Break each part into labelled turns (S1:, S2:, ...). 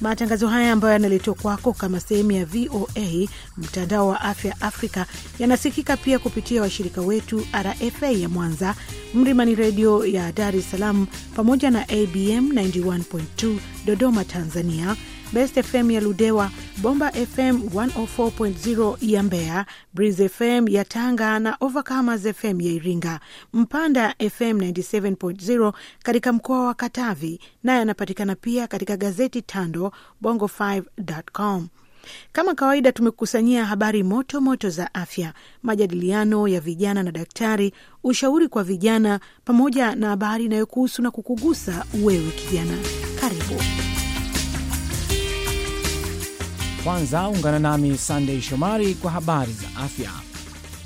S1: Matangazo haya ambayo yanaletwa kwako kama sehemu ya VOA mtandao wa afya Afrika yanasikika pia kupitia washirika wetu RFA ya Mwanza, Mlimani redio ya Dar es Salaam, pamoja na ABM 91.2 Dodoma, Tanzania, Best FM ya Ludewa, Bomba FM 104.0 ya Mbeya, Breeze FM ya Tanga na Overcomers FM ya Iringa, Mpanda FM 97.0 katika mkoa wa Katavi, naye anapatikana pia katika gazeti Tando Bongo5.com. Kama kawaida tumekusanyia habari moto moto za afya, majadiliano ya vijana na daktari, ushauri kwa vijana, pamoja na habari inayokuhusu na kukugusa wewe kijana. Karibu.
S2: Kwanza ungana nami Sandei Shomari kwa habari za afya.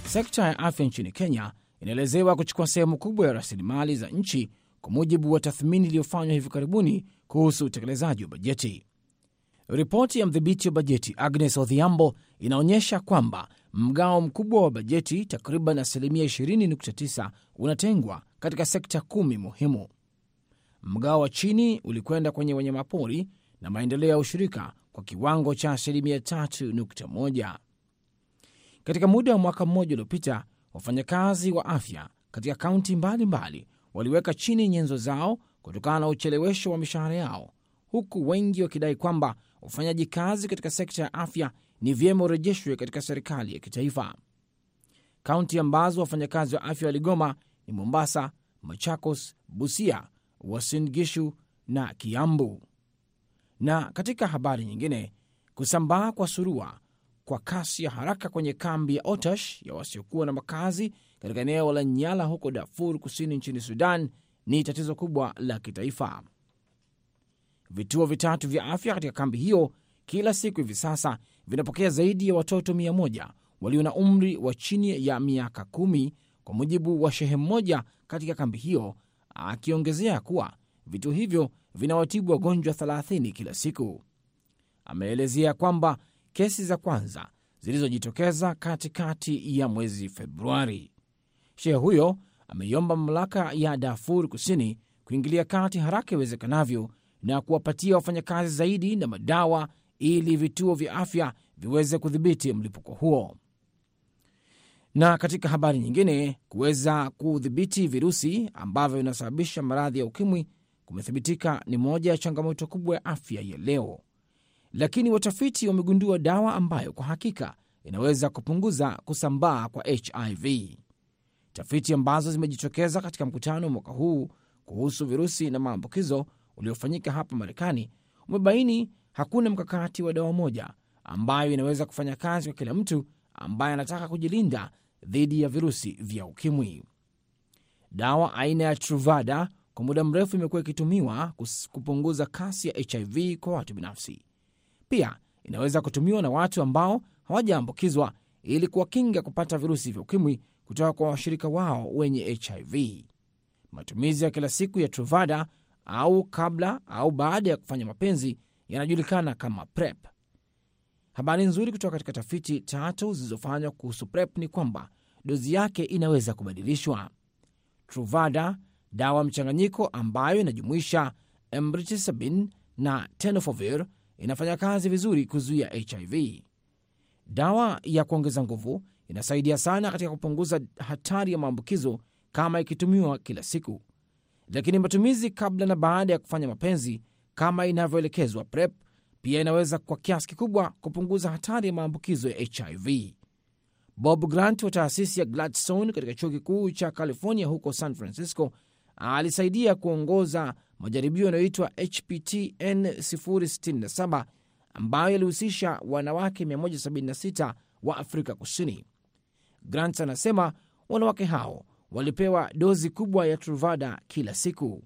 S2: Sekta ya afya nchini Kenya inaelezewa kuchukua sehemu kubwa ya rasilimali za nchi kwa mujibu wa tathmini iliyofanywa hivi karibuni kuhusu utekelezaji wa bajeti. Ripoti ya mdhibiti wa bajeti Agnes Odhiambo inaonyesha kwamba mgao mkubwa wa bajeti, takriban asilimia 20.9, unatengwa katika sekta kumi muhimu. Mgao wa chini ulikwenda kwenye wanyamapori na maendeleo ya ushirika kwa kiwango cha asilimia 3.1. Katika muda wa mwaka mmoja uliopita, wafanyakazi wa afya katika kaunti mbalimbali waliweka chini nyenzo zao kutokana na uchelewesho wa mishahara yao, huku wengi wakidai kwamba ufanyaji kazi katika sekta ya afya ni vyema urejeshwe katika serikali ya kitaifa. Kaunti ambazo wafanyakazi wa afya waligoma ni Mombasa, Machakos, Busia, Uasin Gishu na Kiambu. Na katika habari nyingine, kusambaa kwa surua kwa kasi ya haraka kwenye kambi ya Otash ya wasiokuwa na makazi katika eneo la Nyala huko Darfur kusini nchini Sudan ni tatizo kubwa la kitaifa. Vituo vitatu vya afya katika kambi hiyo kila siku hivi sasa vinapokea zaidi ya watoto mia moja walio na umri wa chini ya miaka kumi, kwa mujibu wa shehe mmoja katika kambi hiyo, akiongezea kuwa vituo hivyo vinawatibu wagonjwa 30 kila siku. Ameelezea kwamba kesi za kwanza zilizojitokeza katikati ya mwezi Februari. Shehe huyo ameiomba mamlaka ya Darfur Kusini kuingilia kati haraka iwezekanavyo na kuwapatia wafanyakazi zaidi na madawa ili vituo vya afya viweze kudhibiti mlipuko huo. Na katika habari nyingine, kuweza kudhibiti virusi ambavyo vinasababisha maradhi ya ukimwi kumethibitika ni moja ya changamoto kubwa ya afya ya leo, lakini watafiti wamegundua dawa ambayo kwa hakika inaweza kupunguza kusambaa kwa HIV. Tafiti ambazo zimejitokeza katika mkutano mwaka huu kuhusu virusi na maambukizo uliofanyika hapa Marekani umebaini hakuna mkakati wa dawa moja ambayo inaweza kufanya kazi kwa kila mtu ambaye anataka kujilinda dhidi ya virusi vya ukimwi. Dawa aina ya Truvada kwa muda mrefu imekuwa ikitumiwa kupunguza kasi ya HIV kwa watu binafsi. Pia inaweza kutumiwa na watu ambao hawajaambukizwa ili kuwakinga kupata virusi vya ukimwi kutoka kwa washirika wao wenye HIV. Matumizi ya kila siku ya Truvada au kabla au baada ya kufanya mapenzi yanajulikana kama PrEP. Habari nzuri kutoka katika tafiti tatu zilizofanywa kuhusu PrEP ni kwamba dozi yake inaweza kubadilishwa. Truvada Dawa mchanganyiko ambayo inajumuisha emtricitabine na tenofovir inafanya kazi vizuri kuzuia HIV. Dawa ya kuongeza nguvu inasaidia sana katika kupunguza hatari ya maambukizo kama ikitumiwa kila siku, lakini matumizi kabla na baada ya kufanya mapenzi kama inavyoelekezwa PrEP pia inaweza kwa kiasi kikubwa kupunguza hatari ya maambukizo ya HIV. Bob Grant wa taasisi ya Gladstone katika chuo kikuu cha California huko San Francisco alisaidia kuongoza majaribio yanayoitwa HPTN 067 ambayo yalihusisha wanawake 176 wa Afrika Kusini. grant anasema wanawake hao walipewa dozi kubwa ya Truvada kila siku,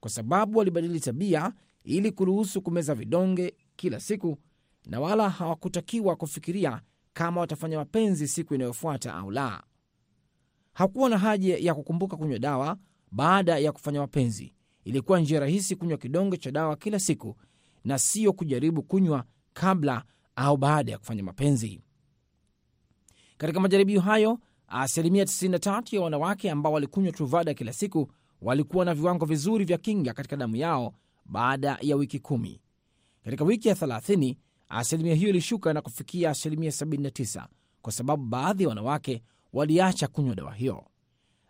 S2: kwa sababu walibadili tabia ili kuruhusu kumeza vidonge kila siku, na wala hawakutakiwa kufikiria kama watafanya mapenzi siku inayofuata au la. Hakuwa na haja ya kukumbuka kunywa dawa baada ya kufanya mapenzi. Ilikuwa njia rahisi kunywa kidonge cha dawa kila siku na siyo kujaribu kunywa kabla au baada ya kufanya mapenzi. Katika majaribio hayo, asilimia 93 ya wanawake ambao walikunywa Truvada kila siku walikuwa na viwango vizuri vya kinga katika damu yao baada ya wiki kumi. Katika wiki ya 30 asilimia hiyo ilishuka na kufikia asilimia 79 kwa sababu baadhi ya wanawake waliacha kunywa dawa hiyo.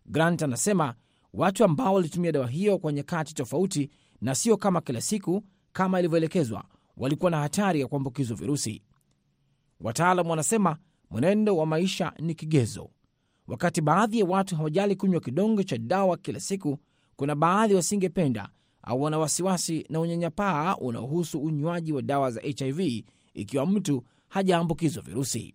S2: Grant anasema watu ambao walitumia dawa hiyo kwa nyakati tofauti na sio kama kila siku kama ilivyoelekezwa, walikuwa na hatari ya kuambukizwa virusi. Wataalam wanasema mwenendo wa maisha ni kigezo. Wakati baadhi ya watu hawajali kunywa kidonge cha dawa kila siku, kuna baadhi wasingependa au wana wasiwasi na unyanyapaa unaohusu unywaji wa dawa za HIV ikiwa mtu hajaambukizwa virusi.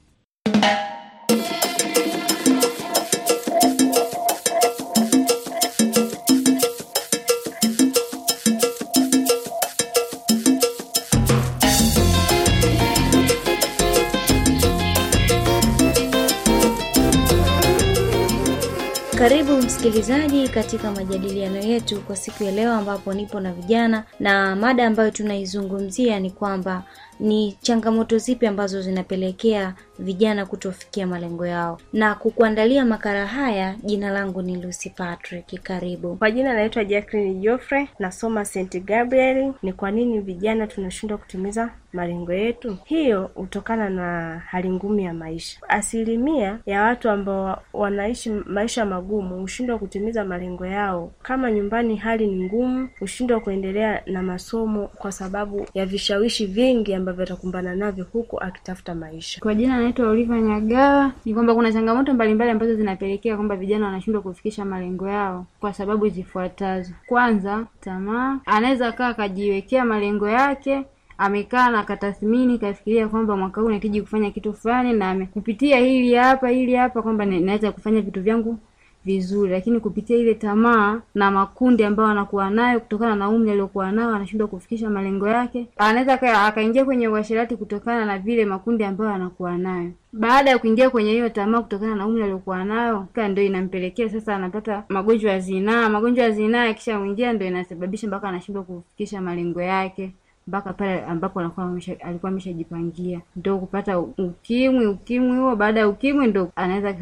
S3: msikilizaji, katika majadiliano yetu kwa siku ya leo, ambapo nipo na vijana na mada ambayo tunaizungumzia ni kwamba ni changamoto zipi ambazo zinapelekea vijana kutofikia malengo yao. Na kukuandalia makala haya, jina langu ni Lucy Patrick. Karibu. Kwa jina naitwa Jacqueline jofre nasoma St Gabriel. Ni kwa nini vijana tunashindwa kutimiza malengo yetu? Hiyo hutokana na hali ngumu ya maisha. Asilimia ya watu ambao wanaishi maisha magumu hushindwa kutimiza malengo yao. Kama nyumbani hali ni ngumu, hushindwa kuendelea na masomo kwa sababu ya vishawishi vingi ambavyo ambavyo atakumbana navyo huko akitafuta maisha. Kwa jina anaitwa Oliver Nyagawa. Ni kwamba kuna changamoto mbalimbali ambazo zinapelekea kwamba vijana wanashindwa kufikisha malengo yao kwa sababu zifuatazo. Kwanza, tamaa. Anaweza kaa akajiwekea malengo yake amekaa na katathmini kafikiria kwamba mwaka huu nahitaji kufanya kitu fulani, na kupitia hili hapa hili hapa kwamba naweza kufanya vitu vyangu vizuri lakini kupitia ile tamaa na makundi ambayo anakuwa nayo kutokana na umri aliokuwa nao anashindwa kufikisha malengo yake. Anaweza akaingia kwenye uasherati kutokana na vile makundi ambayo anakuwa nayo. Baada ya kuingia kwenye hiyo tamaa kutokana na umri aliokuwa nayo, ndio inampelekea sasa anapata magonjwa ya zinaa. Magonjwa ya zinaa yakishamwingia, ndio inasababisha mpaka anashindwa kufikisha malengo yake mpaka pale ambapo alikuwa ameshajipangia ndo kupata ukimwi. Ukimwi huo baada ya ukimwi ndo anaweza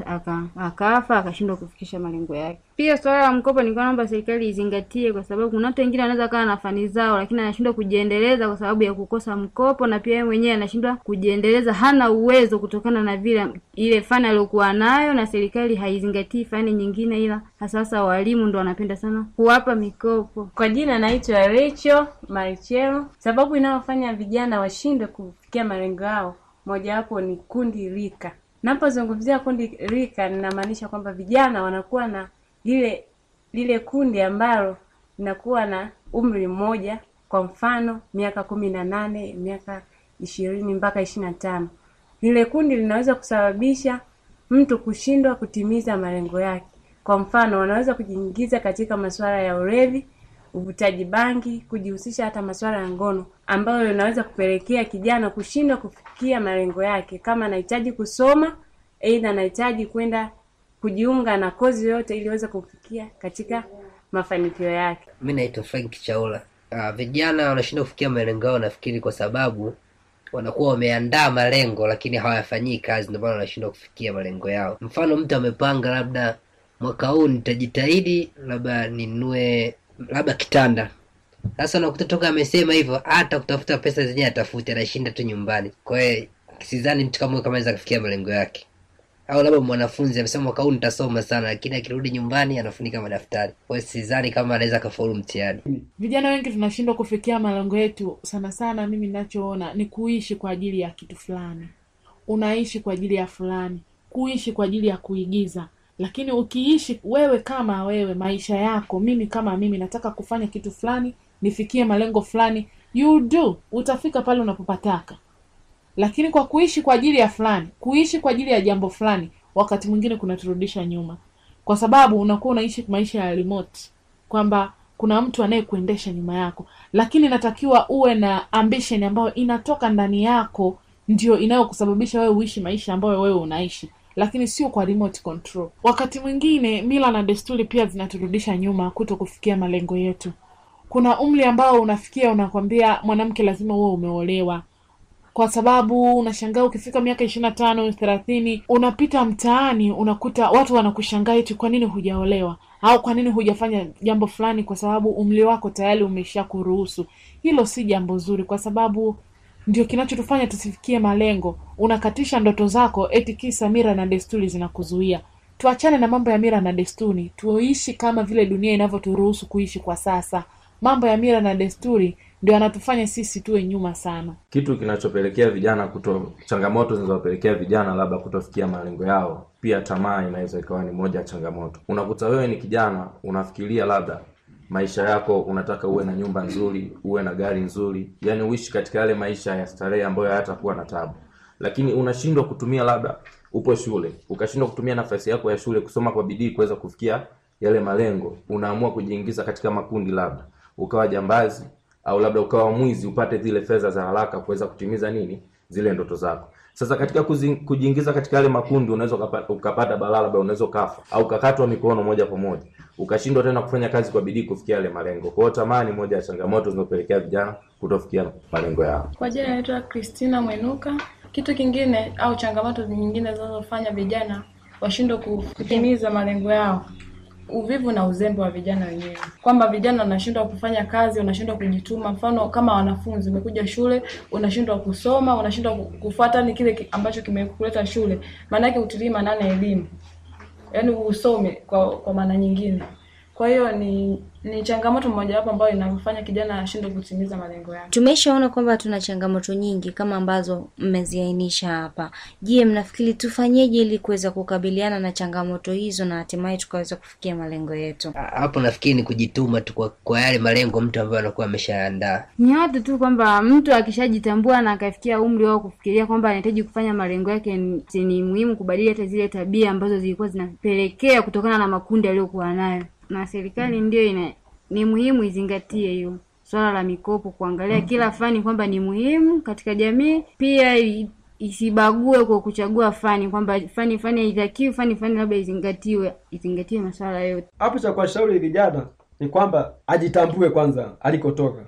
S3: akafa akashindwa kufikisha malengo yake. Pia suala la mkopo ni kwamba serikali izingatie, kwa sababu kuna watu wengine wanaweza kawa na fani zao, lakini anashindwa kujiendeleza kwa sababu ya kukosa mkopo, na pia yeye mwenyewe anashindwa kujiendeleza, hana uwezo kutokana na vile ile fani aliyokuwa nayo, na serikali haizingatii fani nyingine, ila hasasa walimu ndo wanapenda sana kuwapa
S4: mikopo. Kwa jina naitwa Rachel Marichelo. Sababu inayofanya vijana washindwe kufikia malengo yao, mojawapo ni kundi rika. Napozungumzia kundi rika, ninamaanisha kwamba vijana wanakuwa na lile lile kundi ambalo linakuwa na umri mmoja kwa mfano miaka kumi na nane miaka ishirini mpaka ishirini na tano lile kundi linaweza kusababisha mtu kushindwa kutimiza malengo yake kwa mfano wanaweza kujiingiza katika masuala ya urevi uvutaji bangi kujihusisha hata masuala ya ngono ambayo inaweza kupelekea kijana kushindwa kufikia malengo yake kama anahitaji kusoma aidha anahitaji kwenda kujiunga na kozi yoyote ili uweze kufikia katika
S5: mafanikio yake. Mi naitwa Frank Chaula. Uh, vijana wanashindwa kufikia malengo yao, nafikiri kwa sababu wanakuwa wameandaa malengo lakini hawayafanyii kazi, ndio maana wanashindwa kufikia malengo yao. Mfano, mtu amepanga labda mwaka huu nitajitahidi, labda ninue labda kitanda. Sasa nakuta toka amesema hivyo, hata kutafuta pesa zenyewe atafuti, anashinda tu nyumbani. Kwa hiyo sidhani mtu kama kama anaweza kufikia malengo yake au labda mwanafunzi amesema mwaka huu nitasoma sana, lakini akirudi nyumbani anafunika madaftari. Kwa hiyo sidhani kama anaweza akafaulu mtihani.
S4: Vijana wengi tunashindwa kufikia malengo yetu, sana sana mimi nachoona ni kuishi kwa ajili ya kitu fulani, unaishi kwa ajili ya fulani, kuishi kwa ajili ya kuigiza lakini ukiishi wewe kama wewe, maisha yako, mimi kama mimi, nataka kufanya kitu fulani, nifikie malengo fulani, you do, utafika pale unapopataka. Lakini kwa kuishi kwa ajili ya fulani, kuishi kwa ajili ya jambo fulani, wakati mwingine kunaturudisha nyuma, kwa sababu unakuwa unaishi maisha ya remote, kwamba kuna mtu anayekuendesha nyuma yako, lakini inatakiwa uwe na ambition ambayo inatoka ndani yako, ndio inayokusababisha wewe uishi maisha ambayo wewe unaishi lakini sio kwa remote control. Wakati mwingine mila na desturi pia zinaturudisha nyuma kuto kufikia malengo yetu. Kuna umri ambao unafikia unakwambia mwanamke lazima uwe umeolewa, kwa sababu unashangaa ukifika miaka ishirina na tano thelathini unapita mtaani unakuta watu wanakushangaa eti kwa nini hujaolewa au kwa nini hujafanya jambo fulani, kwa sababu umri wako tayari umesha kuruhusu. Hilo si jambo zuri, kwa sababu ndio kinachotufanya tusifikie malengo. Unakatisha ndoto zako eti kisa mira na desturi zinakuzuia. Tuachane na mambo ya mira na desturi, tuishi kama vile dunia inavyoturuhusu kuishi kwa sasa. Mambo ya mira na desturi ndio anatufanya sisi tuwe nyuma sana.
S2: Kitu kinachopelekea vijana kuto, changamoto zinazowapelekea vijana labda kutofikia malengo yao, pia tamaa inaweza ikawa ni moja ya changamoto. Unakuta wewe ni kijana unafikiria labda maisha yako unataka uwe na nyumba nzuri, uwe na gari nzuri, yani uishi katika yale maisha ya starehe ambayo hayatakuwa na tabu, lakini unashindwa kutumia, labda upo shule ukashindwa kutumia nafasi yako ya shule kusoma kwa bidii kuweza kufikia yale malengo, unaamua kujiingiza katika makundi, labda ukawa jambazi au labda ukawa mwizi upate zile fedha za haraka kuweza kutimiza nini zile ndoto zako. Sasa katika kujiingiza katika yale makundi unaweza ukapata balaa, labda unaweza ukafa au ukakatwa mikono moja kwa moja, ukashindwa tena kufanya kazi kwa bidii kufikia yale malengo. Kwa hiyo tamani, moja ya changamoto zinazopelekea vijana kutofikia malengo yao.
S4: Kwa jina naitwa kristina Mwenuka. Kitu kingine au changamoto nyingine zinazofanya vijana washindwe kutimiza malengo yao uvivu na uzembe wa vijana wenyewe, kwamba vijana wanashindwa kufanya kazi, wanashindwa kujituma. Mfano kama wanafunzi, umekuja shule unashindwa kusoma, unashindwa kufuata ni kile ambacho kimekuleta shule, maana yake utilii maanane elimu, yaani usome kwa, kwa maana nyingine kwa hiyo ni ni changamoto mojawapo ambayo inamfanya kijana ashindwe kutimiza malengo yake.
S3: Tumeshaona kwamba tuna changamoto nyingi kama ambazo mmeziainisha hapa. Je, mnafikiri tufanyeje ili kuweza kukabiliana na changamoto hizo na hatimaye tukaweza kufikia malengo yetu?
S5: Hapo nafikiri ni kujituma tu kwa, yale malengo mtu ambaye anakuwa ameshaandaa.
S3: Ni watu tu kwamba mtu akishajitambua na akafikia umri wao kufikiria kwamba anahitaji kufanya malengo yake, ni muhimu kubadili hata zile tabia ambazo zilikuwa zinapelekea kutokana na makundi aliyokuwa nayo na serikali mm. ndio ina ni muhimu izingatie hiyo swala la mikopo, kuangalia mm. kila fani kwamba ni muhimu katika jamii, pia isibague kwa kuchagua fani kwamba fani fani haitakiwi, fani fani labda izingatiwe, izingatiwe masuala yote.
S6: Hapo cha kuwashauri vijana ni kwamba ajitambue kwanza alikotoka.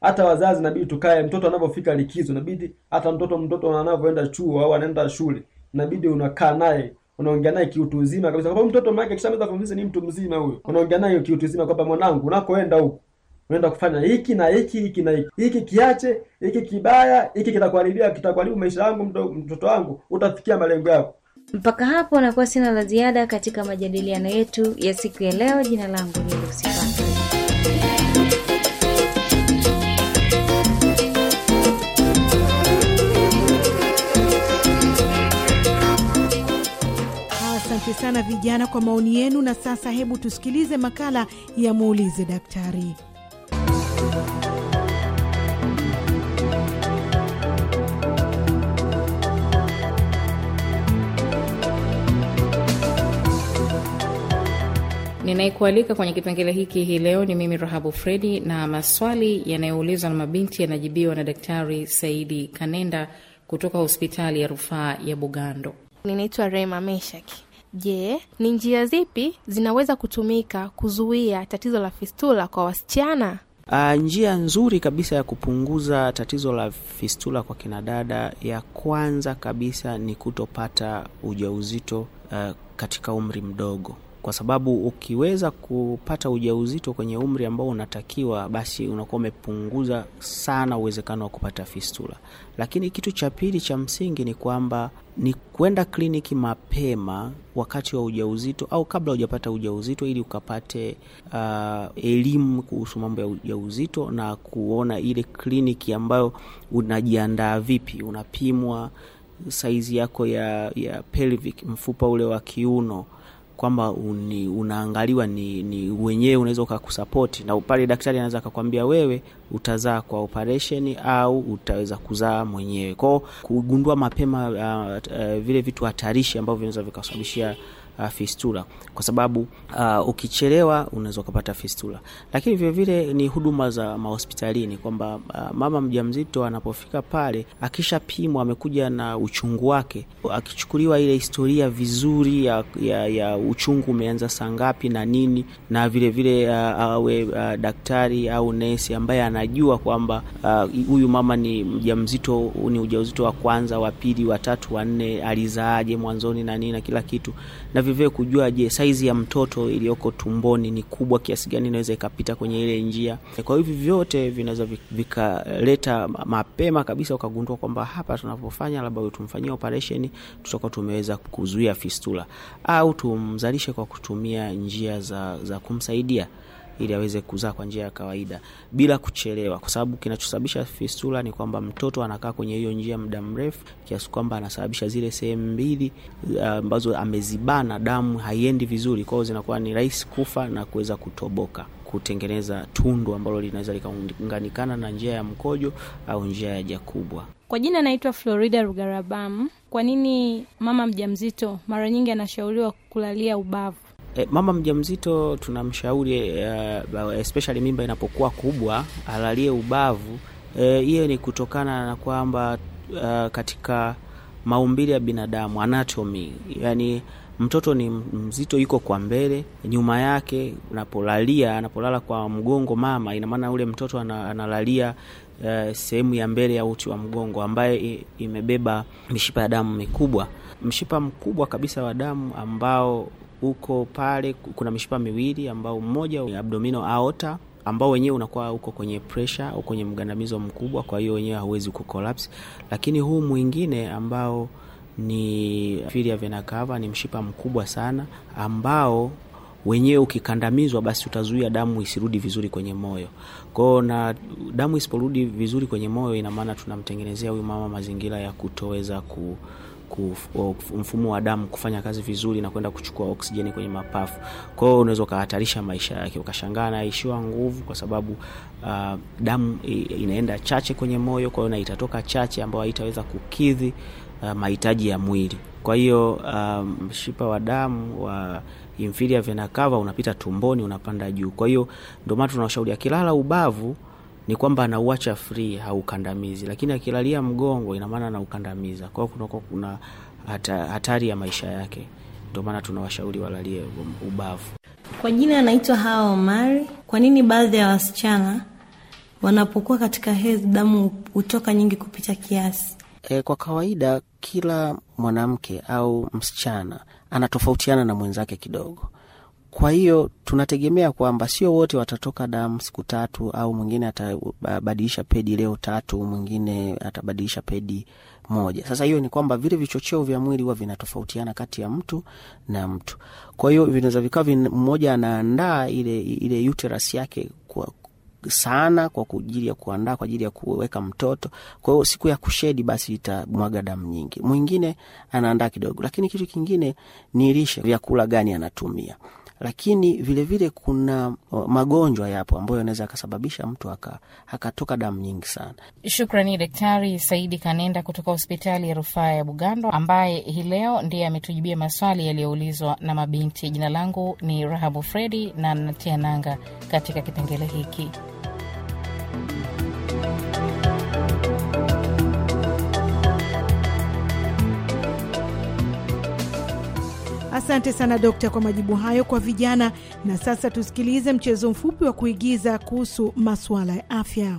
S6: Hata wazazi nabidi tukae, mtoto anapofika likizo nabidi, hata mtoto mtoto anavyoenda chuo au anaenda shule, nabidi unakaa naye unaongea naye kiutu uzima kabisa, kwa sababu mtoto mmoja akishamaliza form ni mtu mzima huyo. Unaongea naye kiutu uzima kwamba mwanangu, unakoenda huko unaenda kufanya hiki na hiki hiki na hiki hiki, kiache hiki kibaya, hiki kitakuharibia, kitakuharibu maisha yangu, mtoto wangu, utafikia malengo yako.
S7: Mpaka hapo nakuwa sina
S3: la ziada katika majadiliano yetu ya siku ya leo. Jina langu ni Lucy.
S1: Asante sana vijana kwa maoni yenu. Na sasa hebu tusikilize makala ya muulize daktari.
S3: Ninayekualika kwenye kipengele hiki hii leo ni mimi Rahabu Fredi, na maswali yanayoulizwa na mabinti yanajibiwa na Daktari Saidi Kanenda
S8: kutoka hospitali ya rufaa ya Bugando.
S5: Ninaitwa Rema Meshaki. Je, ni njia zipi zinaweza kutumika kuzuia tatizo la fistula kwa wasichana?
S9: Uh, njia nzuri kabisa ya kupunguza tatizo la fistula kwa kinadada, ya kwanza kabisa ni kutopata ujauzito uh, katika umri mdogo kwa sababu ukiweza kupata ujauzito kwenye umri ambao unatakiwa, basi unakuwa umepunguza sana uwezekano wa kupata fistula. Lakini kitu cha pili cha msingi ni kwamba ni kwenda kliniki mapema wakati wa ujauzito au kabla hujapata ujauzito, ili ukapate uh, elimu kuhusu mambo ya ujauzito na kuona ile kliniki ambayo unajiandaa vipi, unapimwa saizi yako ya, ya pelvic, mfupa ule wa kiuno kwamba unaangaliwa ni, ni wenyewe unaweza ukakusapoti, na pale daktari anaweza akakwambia wewe utazaa kwa operesheni au utaweza kuzaa mwenyewe. Kwao kugundua mapema uh, uh, vile vitu hatarishi ambavyo vinaweza vikasababishia uh, fistula kwa sababu uh, ukichelewa unaweza ukapata fistula. Lakini vilevile ni huduma za mahospitalini kwamba uh, mama mjamzito anapofika pale akishapimwa, amekuja na uchungu wake, akichukuliwa ile historia vizuri ya, ya, ya uchungu umeanza saa ngapi na nini, na vilevile uh, awe uh, daktari au nesi ambaye anajua kwamba uh, huyu uh, mama ni mzito ni ujauzito wa kwanza, wa pili, watatu wanne alizaaje mwanzoni na nini na kila kitu na vivile kujua, je, saizi ya mtoto iliyoko tumboni ni kubwa kiasi gani, inaweza ikapita kwenye ile njia. Kwa hivi vyote vinaweza vikaleta mapema kabisa ukagundua kwamba hapa tunavyofanya labda tumfanyia operesheni, tutakuwa tumeweza kuzuia fistula, au tumzalishe kwa kutumia njia za, za kumsaidia ili aweze kuzaa kwa njia ya kawaida bila kuchelewa, kwa sababu kinachosababisha fistula ni kwamba mtoto anakaa kwenye hiyo njia muda mrefu kiasi kwamba anasababisha zile sehemu mbili eh, ambazo amezibana, damu haiendi vizuri, kwao zinakuwa ni rahisi kufa na kuweza kutoboka kutengeneza tundu ambalo linaweza likaunganikana na njia ya mkojo au njia ya haja kubwa.
S8: Kwa jina naitwa Florida rugarabam Kwa nini mama mjamzito mara nyingi anashauriwa kulalia ubavu?
S9: E, mama mjamzito tunamshauri uh, especially mimba inapokuwa kubwa alalie ubavu. Eh, hiyo e, ni kutokana na kwamba uh, katika maumbile ya binadamu anatomy, yani mtoto ni mzito, yuko kwa mbele, nyuma yake unapolalia, anapolala kwa mgongo mama, ina maana ule mtoto analalia Uh, sehemu ya mbele ya uti wa mgongo ambaye imebeba mishipa ya damu mikubwa. Mshipa mkubwa kabisa wa damu ambao uko pale, kuna mishipa miwili ambao mmoja ni abdomino aota ambao wenyewe unakuwa uko kwenye pressure au kwenye mgandamizo mkubwa, kwa hiyo wenyewe hauwezi kucollapse. Lakini huu mwingine ambao ni filia vena cava ni mshipa mkubwa sana ambao wenyewe ukikandamizwa basi utazuia damu isirudi vizuri kwenye moyo. Kwa hiyo na damu isiporudi vizuri kwenye moyo, ina maana tunamtengenezea huyu mama mazingira ya kutoweza ku mfumo wa damu kufanya kazi vizuri na kwenda kuchukua oksijeni kwenye mapafu. Kwa hiyo unaweza ukahatarisha maisha yake, ukashangaa naishiwa nguvu kwa sababu uh, damu inaenda chache kwenye moyo, kwa hiyo na itatoka chache ambayo haitaweza kukidhi uh, mahitaji ya mwili. Kwa hiyo um, mshipa um, wa damu wa inferior vena cava unapita tumboni, unapanda juu. Kwa hiyo ndio maana tunawashauria kilala ubavu ni kwamba anauacha free, haukandamizi, lakini akilalia mgongo, inamaana anaukandamiza. kwao kunakuwa kuna hatari ya maisha yake. Ndio maana tunawashauri walalie ubavu.
S8: Kwa jina anaitwa Hawa Omari. Kwa nini baadhi ya wasichana wanapokuwa katika hezi damu hutoka nyingi kupita kiasi?
S9: E, kwa kawaida kila mwanamke au msichana anatofautiana na mwenzake kidogo kwa hiyo tunategemea kwamba sio wote watatoka damu siku tatu, au mwingine atabadilisha pedi leo tatu, mwingine atabadilisha pedi moja. Sasa hiyo ni kwamba vile vichocheo vya mwili huwa vinatofautiana kati ya mtu na mtu. Kwa hiyo vinaweza vikawa mmoja anaandaa ile, ile uteras yake kwa sana kwa kujili ya kuandaa kwa ajili ya kuweka mtoto. Kwa hiyo siku ya kushedi basi itamwaga damu nyingi, mwingine anaandaa kidogo. Lakini kitu kingine ni lishe, vyakula gani anatumia lakini vilevile vile kuna uh, magonjwa yapo ambayo anaweza akasababisha mtu akatoka damu nyingi sana.
S3: Shukrani Daktari Saidi Kanenda kutoka hospitali ya rufaa ya Bugando, ambaye hii leo ndiye ametujibia maswali yaliyoulizwa na mabinti. Jina langu ni Rahabu Fredi na natia nanga katika kipengele hiki.
S1: Asante sana dokta kwa majibu hayo kwa vijana. Na sasa tusikilize mchezo mfupi wa kuigiza kuhusu masuala ya afya.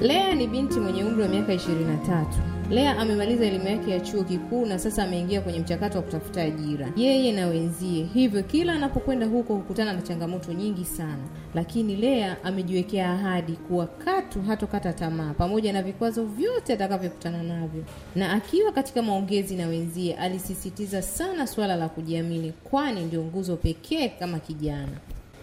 S7: Lea ni binti mwenye umri wa miaka 23. Lea amemaliza elimu yake ya chuo kikuu na sasa ameingia kwenye mchakato wa kutafuta ajira, yeye na wenzie. Hivyo kila anapokwenda huko hukutana na changamoto nyingi sana, lakini Lea amejiwekea ahadi kuwa katu hatokata tamaa, pamoja na vikwazo vyote atakavyokutana navyo. Na akiwa katika maongezi na wenzie, alisisitiza sana swala la kujiamini, kwani ndio nguzo pekee kama kijana.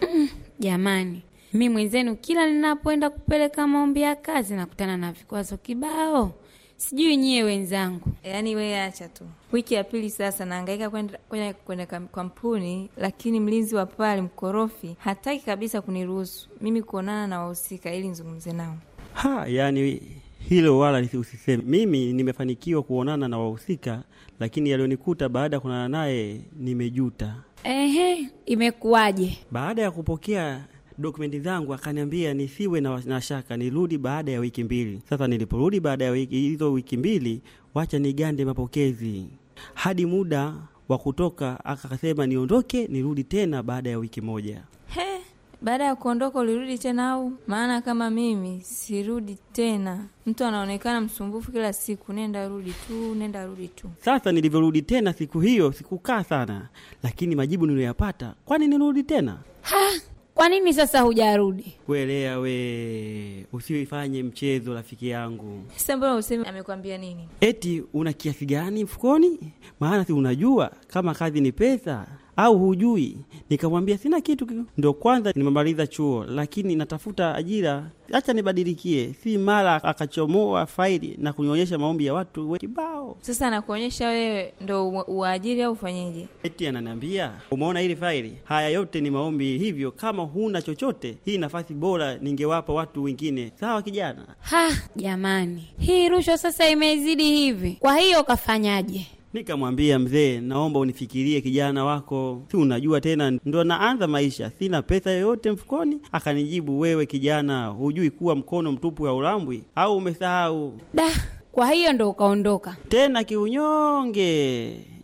S7: Jamani, mi mwenzenu, kila ninapoenda kupeleka maombi ya kazi nakutana na vikwazo kibao Sijui nyie wenzangu, yaani we acha tu. Wiki ya pili sasa naangaika kwenda kwenda kampuni, lakini mlinzi wa pale mkorofi hataki kabisa kuniruhusu mimi kuonana na wahusika ili nizungumze nao.
S6: Ha, yani hilo wala usiseme. Mimi nimefanikiwa kuonana na wahusika, lakini yaliyonikuta baada ya kuonana naye nimejuta.
S8: Ehe, imekuwaje?
S6: Baada ya kupokea dokumenti zangu, akaniambia nisiwe na, na shaka, nirudi baada ya wiki mbili. Sasa niliporudi baada ya wiki hizo wiki mbili, wacha nigande mapokezi hadi muda wa kutoka, akasema niondoke, nirudi tena baada ya wiki moja. He,
S7: baada ya kuondoka ulirudi tena au? Maana kama mimi sirudi tena, mtu anaonekana msumbufu kila siku, nenda rudi tu, nenda rudi tu.
S6: Sasa nilivyorudi tena siku hiyo sikukaa sana, lakini majibu niliyoyapata, kwani nirudi tena ha!
S7: Kwa nini sasa hujarudi?
S6: Kuelea we, usiifanye mchezo rafiki yangu.
S7: Sasa mbona useme amekwambia nini?
S6: Eti una kiasi gani mfukoni? Maana si unajua kama kazi ni pesa au hujui? Nikamwambia sina kitu, ndo kwanza nimemaliza chuo, lakini natafuta ajira, acha nibadilikie. Si mara akachomoa faili na kunionyesha maombi ya watu we
S7: kibao. Sasa nakuonyesha wewe ndo uajiri au ufanyeje?
S6: Eti ananiambia umeona hili faili, haya yote ni maombi, hivyo kama huna chochote, hii nafasi bora ningewapa watu wengine. Sawa kijana.
S8: Ha jamani, hii rushwa sasa imezidi hivi. Kwa hiyo ukafanyaje?
S6: Nikamwambia, mzee, naomba unifikirie kijana wako, si unajua tena ndo naanza maisha, sina pesa yoyote mfukoni. Akanijibu, wewe kijana, hujui kuwa mkono mtupu ulambwi au umesahau? Da,
S8: kwa hiyo ndo ukaondoka
S6: tena kiunyonge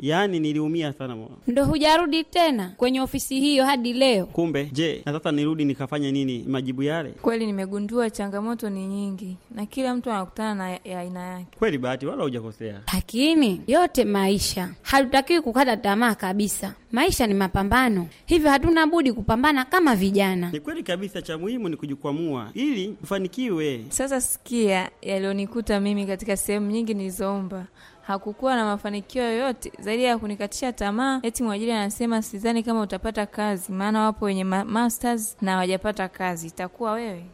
S6: yaani niliumia sana mwana.
S7: Ndo hujarudi tena kwenye ofisi hiyo hadi leo?
S6: Kumbe je, na sasa nirudi nikafanye nini? Majibu yale
S7: kweli, nimegundua changamoto ni nyingi na kila mtu anakutana na ya aina yake.
S6: Kweli Bahati, wala hujakosea,
S7: lakini yote maisha, hatutakiwi kukata tamaa
S8: kabisa. Maisha ni mapambano, hivyo hatuna budi kupambana kama vijana.
S6: Ni kweli kabisa, cha muhimu ni kujikwamua ili ufanikiwe.
S7: Sasa sikia yaliyonikuta mimi katika sehemu nyingi nilizoomba hakukuwa na mafanikio yoyote zaidi ya kunikatisha tamaa. Eti mwajiri anasema sidhani kama utapata kazi, maana wapo wenye ma masters na hawajapata kazi, itakuwa wewe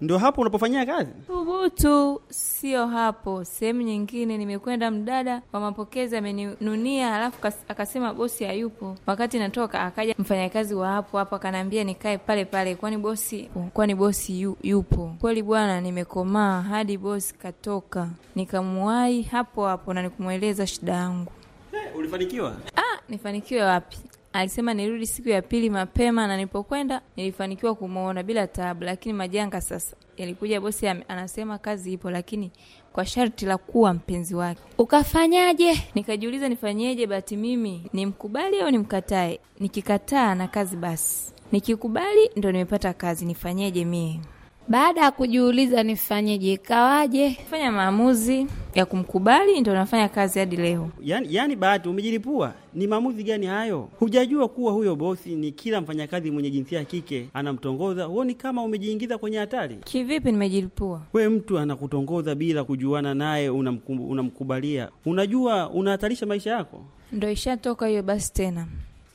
S6: ndio hapo unapofanyia kazi?
S7: Thubutu sio hapo, sehemu nyingine. Nimekwenda mdada wa mapokezi ameninunia, alafu akasema bosi hayupo. Wakati natoka, akaja mfanyakazi wa hapo hapo akanaambia nikae pale pale, kwani bosi kwani bosi yu, yupo kweli. Bwana, nimekomaa hadi bosi katoka, nikamwahi hapo hapo na nikumweleza shida yangu. Hey, eh, ulifanikiwa? Ah, nifanikiwe wapi? Alisema nirudi siku ya pili mapema, na nilipokwenda nilifanikiwa kumwona bila taabu, lakini majanga sasa yalikuja. Bosi ya, anasema kazi ipo, lakini kwa sharti la kuwa mpenzi wake. Ukafanyaje? Nikajiuliza nifanyeje? Bahati mimi nimkubali au nimkatae? Nikikataa na kazi basi, nikikubali ndo nimepata kazi, nifanyeje mie? Baada ya kujiuliza nifanyeje, ikawaje, fanya maamuzi ya kumkubali, ndio nafanya kazi hadi leo.
S6: Yani, yani bahati umejilipua. Ni maamuzi gani hayo? Hujajua kuwa huyo bosi ni kila mfanyakazi mwenye jinsia ya kike anamtongoza? Huoni kama umejiingiza kwenye hatari?
S7: Kivipi nimejilipua?
S6: We mtu anakutongoza bila kujuana naye, unamkubalia, unajua unahatarisha maisha yako.
S7: Ndo ishatoka hiyo basi tena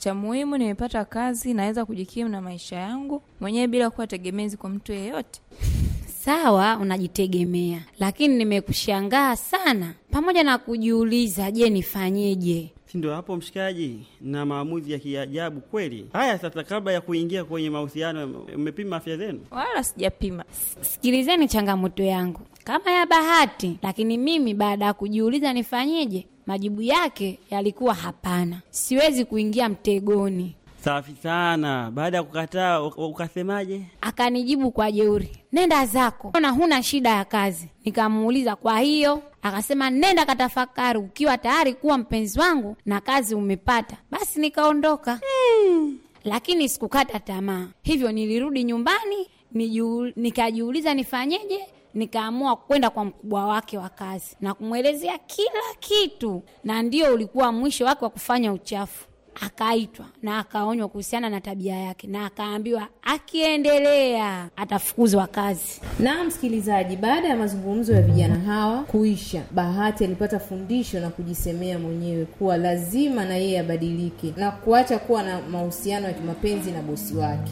S7: cha muhimu nimepata kazi, naweza kujikimu na maisha yangu mwenyewe bila kuwa tegemezi kwa mtu yeyote. Sawa, unajitegemea, lakini nimekushangaa
S8: sana, pamoja na kujiuliza, je, nifanyeje?
S6: sindo hapo mshikaji, na maamuzi ya kiajabu kweli. Haya, sasa, kabla ya kuingia kwenye mahusiano, umepima afya zenu?
S7: Wala sijapima.
S8: Sikilizeni changamoto yangu kama ya Bahati, lakini mimi baada ya kujiuliza nifanyeje, Majibu yake yalikuwa hapana, siwezi kuingia mtegoni.
S6: Safi sana. Baada ya kukataa ukasemaje?
S8: Akanijibu kwa jeuri, nenda zako, ona huna shida ya kazi. Nikamuuliza kwa hiyo? Akasema nenda katafakari, ukiwa tayari kuwa mpenzi wangu na kazi umepata basi. Nikaondoka hmm. Lakini sikukata tamaa, hivyo nilirudi nyumbani nikajiuliza nifanyeje nikaamua kwenda kwa mkubwa wake wa kazi na kumwelezea kila kitu, na ndio ulikuwa mwisho wake wa kufanya uchafu. Akaitwa na akaonywa kuhusiana na tabia yake na akaambiwa akiendelea
S7: atafukuzwa kazi. Na msikilizaji, baada ya mazungumzo ya vijana hawa kuisha, Bahati alipata fundisho na kujisemea mwenyewe kuwa lazima na yeye abadilike na kuacha kuwa na mahusiano ya kimapenzi na bosi wake.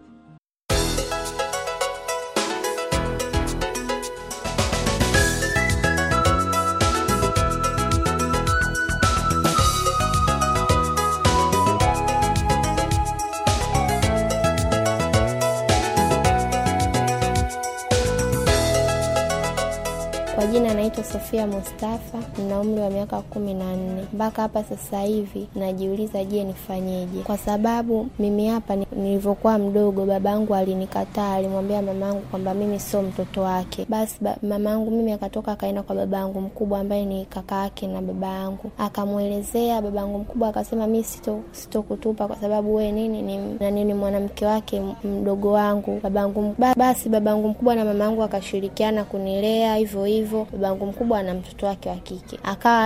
S5: Sofia Mustafa na umri wa miaka kumi na nne. Mpaka hapa sasa hivi najiuliza, je, nifanyeje? Kwa sababu mimi hapa nilivyokuwa mdogo, babangu alinikataa, alimwambia mamangu kwamba mimi sio mtoto wake. Basi ba, mamangu mimi akatoka akaenda kwa babangu mkubwa ambaye ni kaka yake na baba yangu, akamwelezea babangu mkubwa akasema, mi sitokutupa sito kwa sababu we nini ni, na nini mwanamke wake mdogo wangu babangu. Basi babangu mkubwa na mamangu akashirikiana kunilea hivyo hivyo, babangu mkubwa alikuwa na mtoto wake wa kike, akawa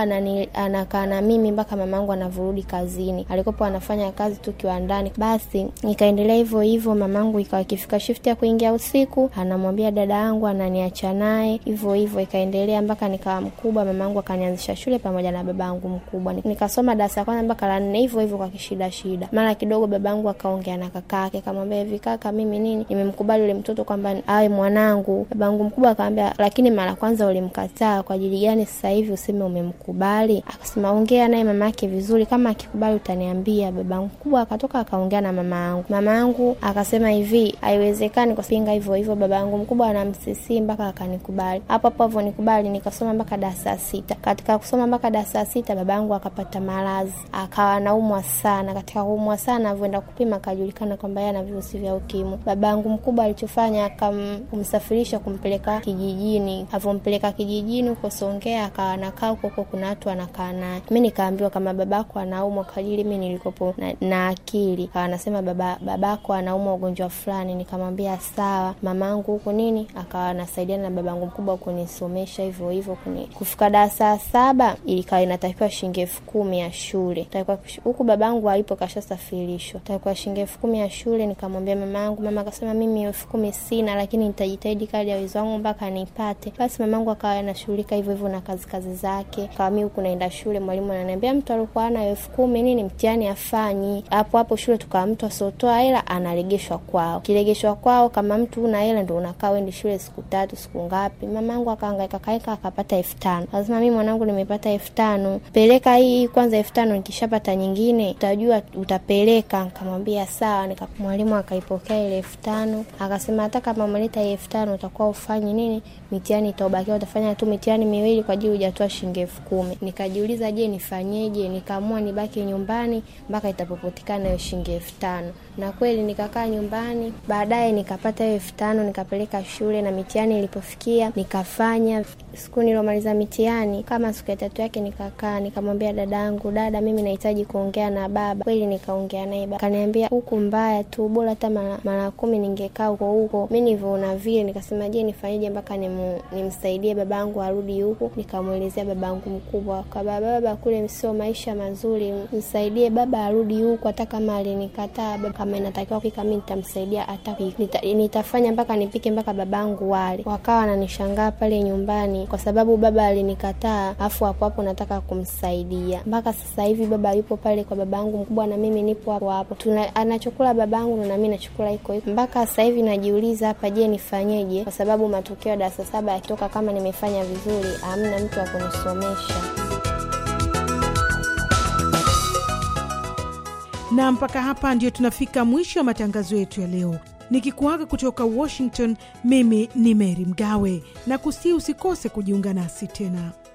S5: anakaa na mimi mpaka mamaangu anavurudi kazini, alikopo anafanya kazi tu kiwandani. Basi ikaendelea hivyo hivyo, mamangu ikawa ikifika shift ya kuingia usiku, anamwambia dada yangu ananiacha naye, hivyo hivyo ikaendelea mpaka nikawa mkubwa. mamaangu akanianzisha shule pamoja na yangu mkubwa, nikasoma darasa kwanza mpaka la nne, hivyo hivyo kwa kishida shida. Mara kidogo yangu akaongea na kakake, kamwambia hivi, kaka, mimi nini, nimemkubali ule mtoto kwamba awe mwanangu. Babangu mkubwa akamwambia, lakini mara kwanza ulimkataa kwa ajili gani sasa hivi useme umemkubali? Akasema ongea naye mama yake vizuri, kama akikubali utaniambia. Baba mkubwa akatoka akaongea na mama yangu, mama yangu akasema hivi, haiwezekani kwa pinga hivyo hivyo. Baba yangu mkubwa anamsisii mpaka akanikubali, hapo hapo hivyo nikubali, nikasoma mpaka darasa la sita. Katika kusoma mpaka darasa la sita, baba yangu akapata maradhi, akawa naumwa sana. Katika kuumwa sana, avyoenda kupima akajulikana kwamba yeye ana virusi vya ukimwi. Baba yangu mkubwa alichofanya akamsafirisha kumpeleka kijijini, avyompeleka kijijini huko Songea, akawa anakaa huko huko, kuna watu anakaa naye. Mi nikaambiwa kama babako anaumwa kajili mi nilikopo na, na akili, akawa anasema baba babako anaumwa ugonjwa fulani. Nikamwambia sawa, mama angu huku nini, akawa anasaidiana na babangu mkubwa kunisomesha hivyo hivyo. Kufika darasa saba ilikawa inatakiwa shilingi elfu kumi ya shule, huku babangu alipo kashasafirishwa, takiwa shilingi elfu kumi ya shule. Nikamwambia mama angu mama akasema mimi elfu kumi sina, lakini nitajitahidi kali ya uwezo wangu mpaka nipate. Basi mamangu akawa anashughulika hivyo hivyo na kazi kazi zake. Kawa mimi huku naenda shule, mwalimu ananiambia mtu alikuwa ana elfu kumi nini mtihani afanyi. Hapo hapo shule tukawa mtu asiotoa hela analegeshwa kwao. Kilegeshwa kwao, kama mtu una hela ndo unakaa uende shule siku tatu siku ngapi. Mamangu akaangaika kaika akapata elfu tano. Lazima mimi mwanangu nimepata elfu tano. Peleka hii kwanza elfu tano nikishapata nyingine utajua utapeleka. Nikamwambia sawa, nika mwalimu akaipokea ile elfu tano. Akasema hata kama umeleta elfu tano utakuwa ufanyi nini? Mitihani itaobakia, utafanya tu mitihani milioni miwili kwa ajili hujatoa shilingi elfu kumi. Nikajiuliza, je, nifanyeje? Nikaamua nibaki nyumbani mpaka itapopatikana hiyo shilingi elfu tano na kweli nikakaa nyumbani. Baadaye nikapata hiyo elfu tano nikapeleka shule, na mitihani ilipofikia nikafanya. Siku niliomaliza mitihani kama siku ya tatu yake, nikakaa nikamwambia dadangu, dada, mimi nahitaji kuongea na baba. Kweli nikaongea naye, kaniambia huku mbaya tu, bora hata mara kumi ningekaa huko huko. Mi nivyoona vile, nikasema je, nifanyeje mpaka nimsaidie babangu arudi mtaji huku. Nikamwelezea babangu mkubwa, kaba baba, kule sio maisha mazuri, msaidie baba arudi huku, hata kama alinikataa baba, kama inatakiwa kika mi nitamsaidia, hata nita, nitafanya mpaka nipike mpaka babangu wale. Wakawa wananishangaa pale nyumbani kwa sababu baba alinikataa, afu hapo hapo nataka kumsaidia. Mpaka sasa hivi baba yupo pale kwa babangu mkubwa, na mimi nipo hapo hapo, anachokula babangu na nami nachukula iko hiko. Mpaka sasa hivi najiuliza hapa, je, nifanyeje? Kwa sababu matokeo ya darasa saba yakitoka kama nimefanya vizuri kweli amna mtu wa kunisomesha.
S1: Na mpaka hapa ndiyo tunafika mwisho wa matangazo yetu ya leo, nikikuaga kutoka Washington. Mimi ni mery Mgawe na kusii, usikose kujiunga nasi tena.